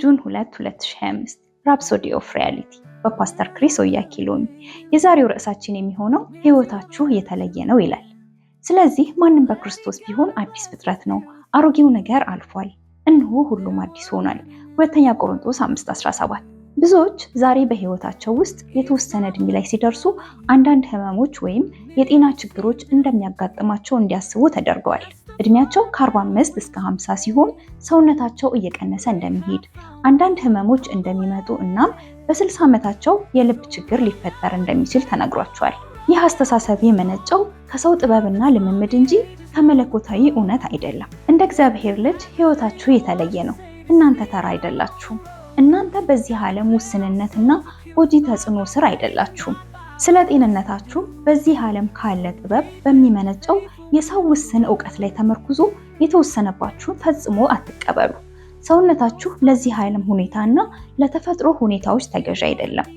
ጁን 2 2025 ራፕሶዲ ኦፍ ሪያሊቲ በፓስተር ክሪስ ኦያኪሎሚ። የዛሬው ርዕሳችን የሚሆነው ህይወታችሁ የተለየ ነው ይላል። ስለዚህ ማንም በክርስቶስ ቢሆን አዲስ ፍጥረት ነው፣ አሮጌው ነገር አልፏል፣ እንሆ ሁሉም አዲስ ሆኗል። ሁለተኛ ቆሮንቶስ 5:17 ብዙዎች ዛሬ በህይወታቸው ውስጥ የተወሰነ እድሜ ላይ ሲደርሱ አንዳንድ ህመሞች ወይም የጤና ችግሮች እንደሚያጋጥማቸው እንዲያስቡ ተደርገዋል። እድሜያቸው ከ45 እስከ 50 ሲሆን ሰውነታቸው እየቀነሰ እንደሚሄድ አንዳንድ ህመሞች እንደሚመጡ እናም በ60 ዓመታቸው የልብ ችግር ሊፈጠር እንደሚችል ተነግሯቸዋል። ይህ አስተሳሰብ የመነጨው ከሰው ጥበብና ልምምድ እንጂ ከመለኮታዊ እውነት አይደለም። እንደ እግዚአብሔር ልጅ ህይወታችሁ የተለየ ነው። እናንተ ተራ አይደላችሁም። እናንተ በዚህ ዓለም ውስንነትና ጎጂ ተጽዕኖ ስር አይደላችሁም። ስለ ጤንነታችሁ በዚህ ዓለም ካለ ጥበብ በሚመነጨው የሰው ውስን እውቀት ላይ ተመርኩዞ የተወሰነባችሁን ፈጽሞ አትቀበሉ። ሰውነታችሁ ለዚህ ዓለም ሁኔታ እና ለተፈጥሮ ሁኔታዎች ተገዥ አይደለም።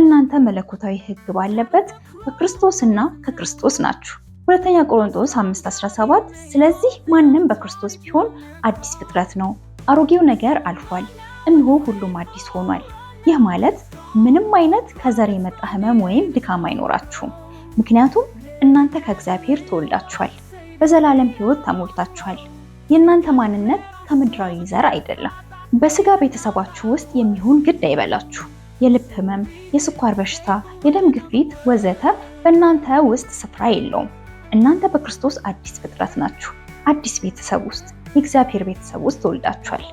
እናንተ መለኮታዊ ሕግ ባለበት በክርስቶስ እና ከክርስቶስ ናችሁ። ሁለተኛ ቆሮንቶስ 5:17 ስለዚህ ማንም በክርስቶስ ቢሆን አዲስ ፍጥረት ነው፣ አሮጌው ነገር አልፏል፣ እንሆ ሁሉም አዲስ ሆኗል። ይህ ማለት ምንም አይነት ከዘር የመጣ ህመም ወይም ድካም አይኖራችሁም፣ ምክንያቱም እናንተ ከእግዚአብሔር ተወልዳችኋል፣ በዘላለም ሕይወት ተሞልታችኋል። የእናንተ ማንነት ከምድራዊ ዘር አይደለም። በስጋ ቤተሰባችሁ ውስጥ የሚሆን ግድ አይበላችሁ። የልብ ህመም፣ የስኳር በሽታ፣ የደም ግፊት ወዘተ በእናንተ ውስጥ ስፍራ የለውም። እናንተ በክርስቶስ አዲስ ፍጥረት ናችሁ። አዲስ ቤተሰብ ውስጥ የእግዚአብሔር ቤተሰብ ውስጥ ተወልዳችኋል።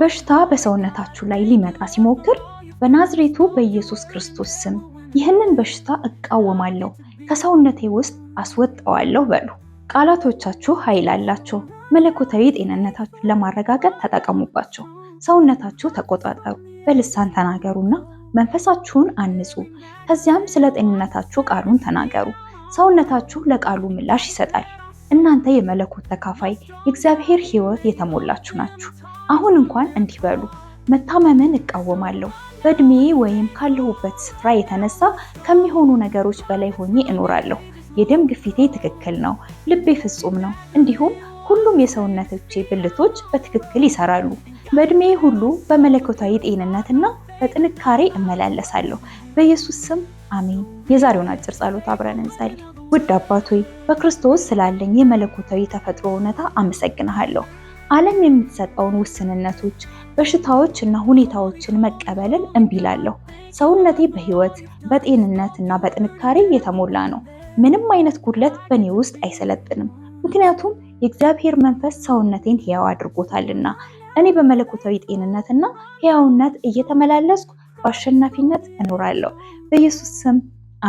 በሽታ በሰውነታችሁ ላይ ሊመጣ ሲሞክር በናዝሬቱ በኢየሱስ ክርስቶስ ስም ይህንን በሽታ እቃወማለሁ ከሰውነቴ ውስጥ አስወጣዋለሁ በሉ። ቃላቶቻችሁ ኃይል አላቸው። መለኮታዊ ጤንነታችሁን ለማረጋገጥ ተጠቀሙባቸው። ሰውነታችሁ ተቆጣጠሩ፣ በልሳን ተናገሩና መንፈሳችሁን አንጹ። ከዚያም ስለ ጤንነታችሁ ቃሉን ተናገሩ። ሰውነታችሁ ለቃሉ ምላሽ ይሰጣል። እናንተ የመለኮት ተካፋይ፣ የእግዚአብሔር ሕይወት የተሞላችሁ ናችሁ። አሁን እንኳን እንዲህ በሉ መታመምን እቃወማለሁ። በእድሜ ወይም ካለሁበት ስፍራ የተነሳ ከሚሆኑ ነገሮች በላይ ሆኜ እኖራለሁ። የደም ግፊቴ ትክክል ነው። ልቤ ፍጹም ነው። እንዲሁም ሁሉም የሰውነቶቼ ብልቶች በትክክል ይሰራሉ። በእድሜ ሁሉ በመለኮታዊ ጤንነትና በጥንካሬ እመላለሳለሁ። በኢየሱስ ስም አሜን። የዛሬውን አጭር ጸሎት አብረን እንጸልይ። ውድ አባት ሆይ በክርስቶስ ስላለኝ የመለኮታዊ ተፈጥሮ እውነታ አመሰግንሃለሁ። ዓለም የምትሰጠውን ውስንነቶች በሽታዎች እና ሁኔታዎችን መቀበልን እምቢ ሰውነቴ በህይወት በጤንነት እና በጥንካሬ የተሞላ ነው። ምንም አይነት ጉድለት በእኔ ውስጥ አይሰለጥንም፣ ምክንያቱም የእግዚአብሔር መንፈስ ሰውነቴን ሕያው አድርጎታልና። እኔ በመለኮታዊ ጤንነትና ህያውነት ሕያውነት እየተመላለስኩ በአሸናፊነት እኖራለሁ። በኢየሱስ ስም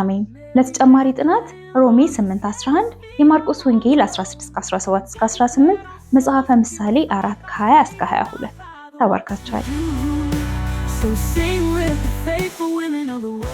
አሜን። ለተጨማሪ ጥናት ሮሜ 8:11፣ የማርቆስ ወንጌል 16:17-18፣ መጽሐፈ ምሳሌ 4:20-22 ታባርካችኋል። So sing with